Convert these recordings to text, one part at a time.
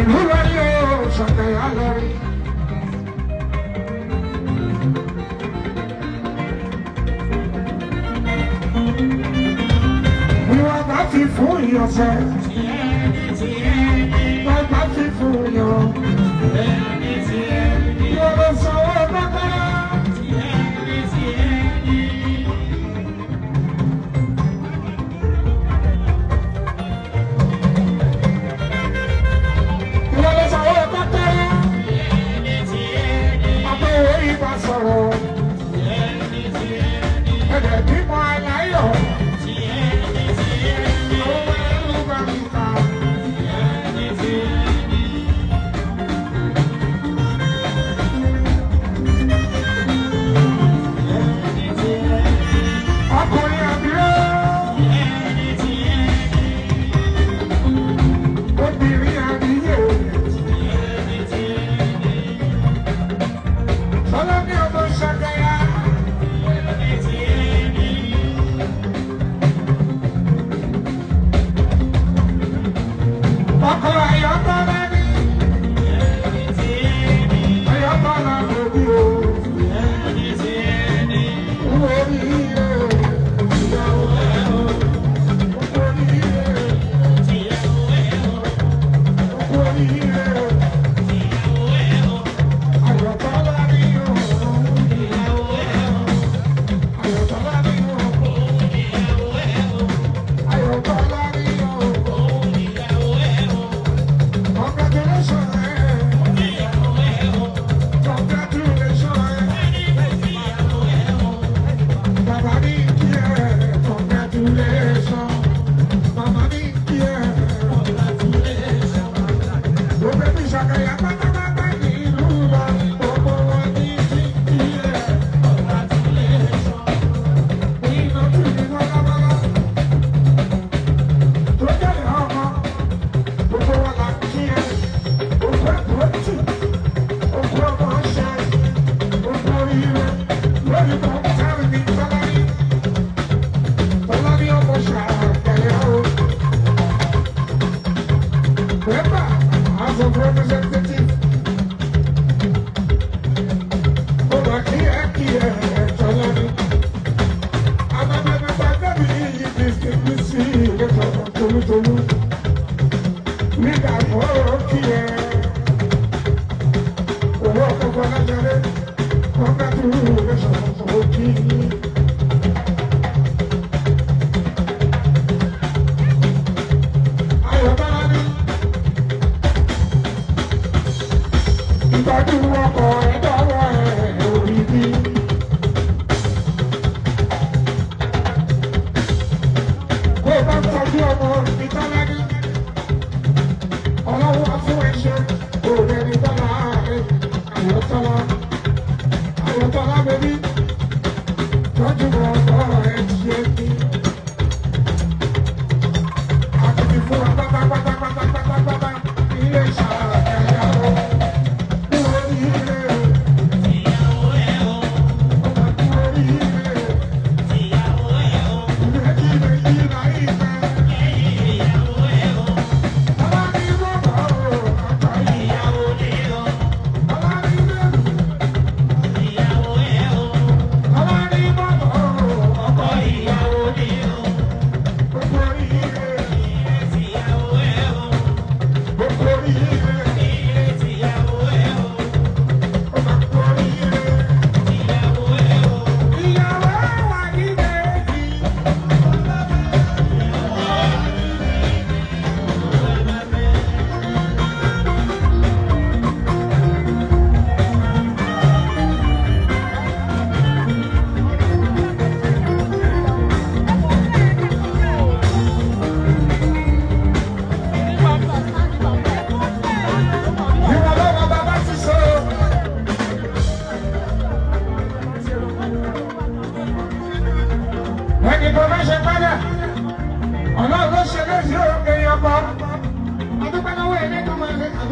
ìlú lórí o ṣàkàyà lórí. ìwà bá fi fún ìyọ̀sẹ̀. ìwà bá bá sorry.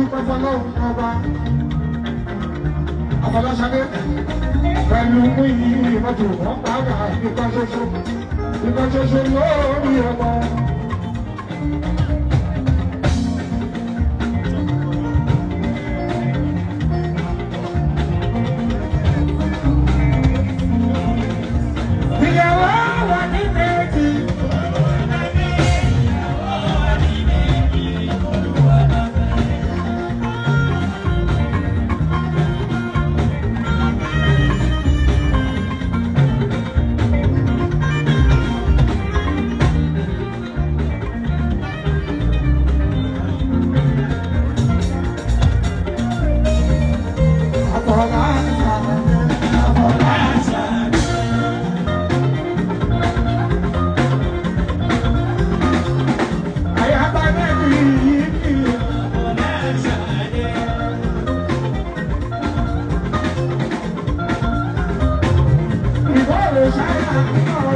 dúpẹ́ fọlọ́run ọba àfọlọ́sàdé pẹ̀lú mú ìyí mọ́tò wọ́n pàápàá ìkan ṣoṣo lórí ọmọ. China.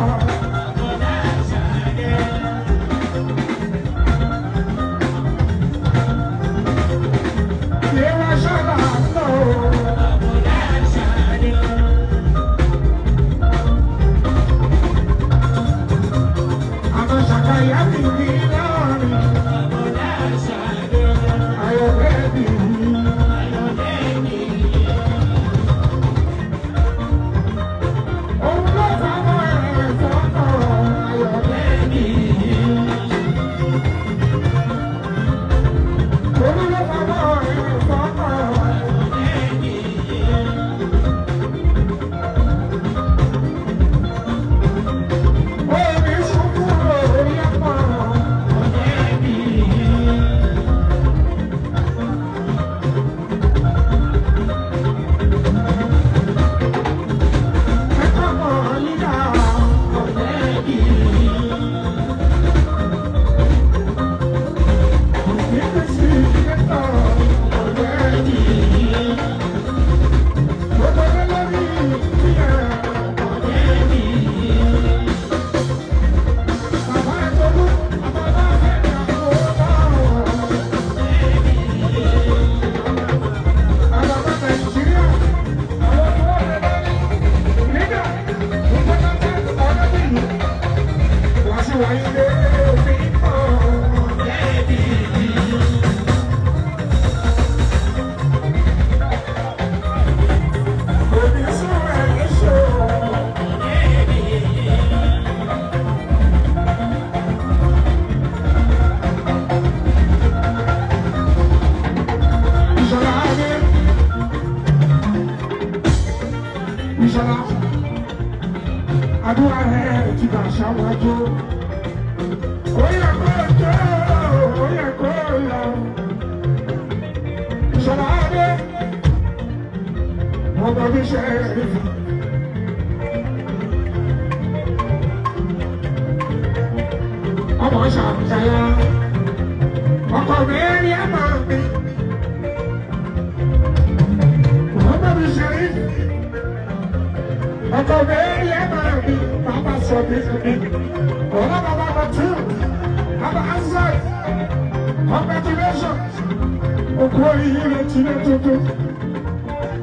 orí yìí lè ti lé tuntun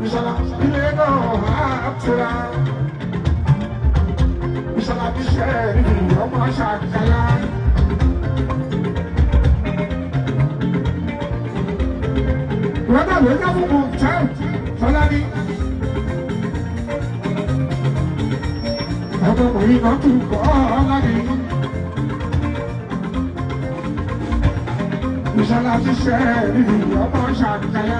ìṣàlà ilé náà á tura ìṣàlà bíṣẹ́ rí ọmọ ṣàkàlà. Rọ́dà ló yẹ fún mọ́ṣáláṣí ṣe é rí ọmọ ṣàǹkàyà.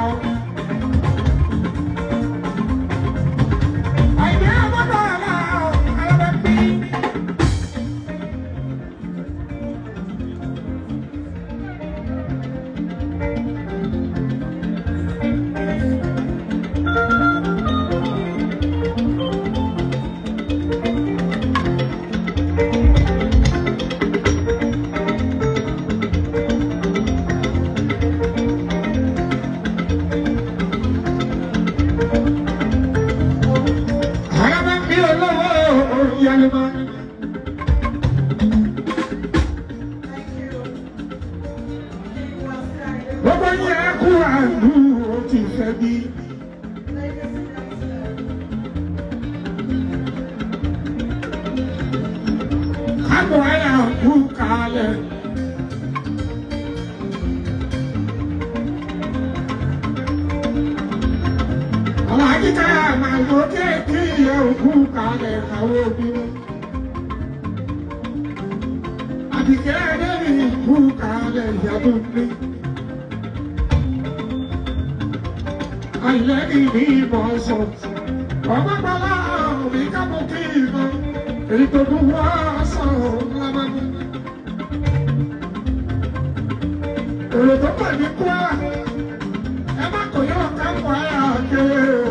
Kíkà àgbàlókè kí ìyẹ òkú kalẹ̀ àwọn obìnrin. Àbíkẹ́ ẹlẹ́rìí ìkú kalẹ̀ ìyàtọ̀ gbé. Àìlẹ́rìí ní ìbọn sọ̀tún. Ọgbọ́n gbọ́lá òbí kápọ̀ kí ìbọn. Èyí tó dún wá sọ̀rọ̀ lábàgbé. Èrò tó pẹ̀lú kúrà. Ẹ má kò yọ̀ ká wáyà kéré o.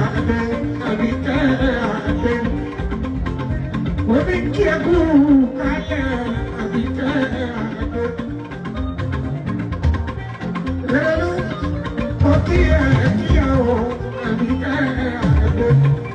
ṣẹ́gun kálẹ̀ àbíkẹ́ àgbẹ̀. Lẹ́nu, ó kí ẹ̀ kíyàwó àbíkẹ́ àgbẹ̀.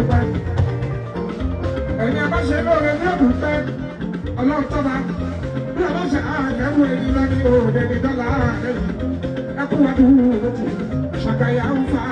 dúpẹ́ ẹ̀yin abáṣe lóore ní òdùpẹ́ ọlọ́run tọ́ba bí abáṣe àjẹwò èyí lọ́ní òde ní dọ́là àrẹ́yìn ẹkú wa dùn lókù ṣàkàyà ń fa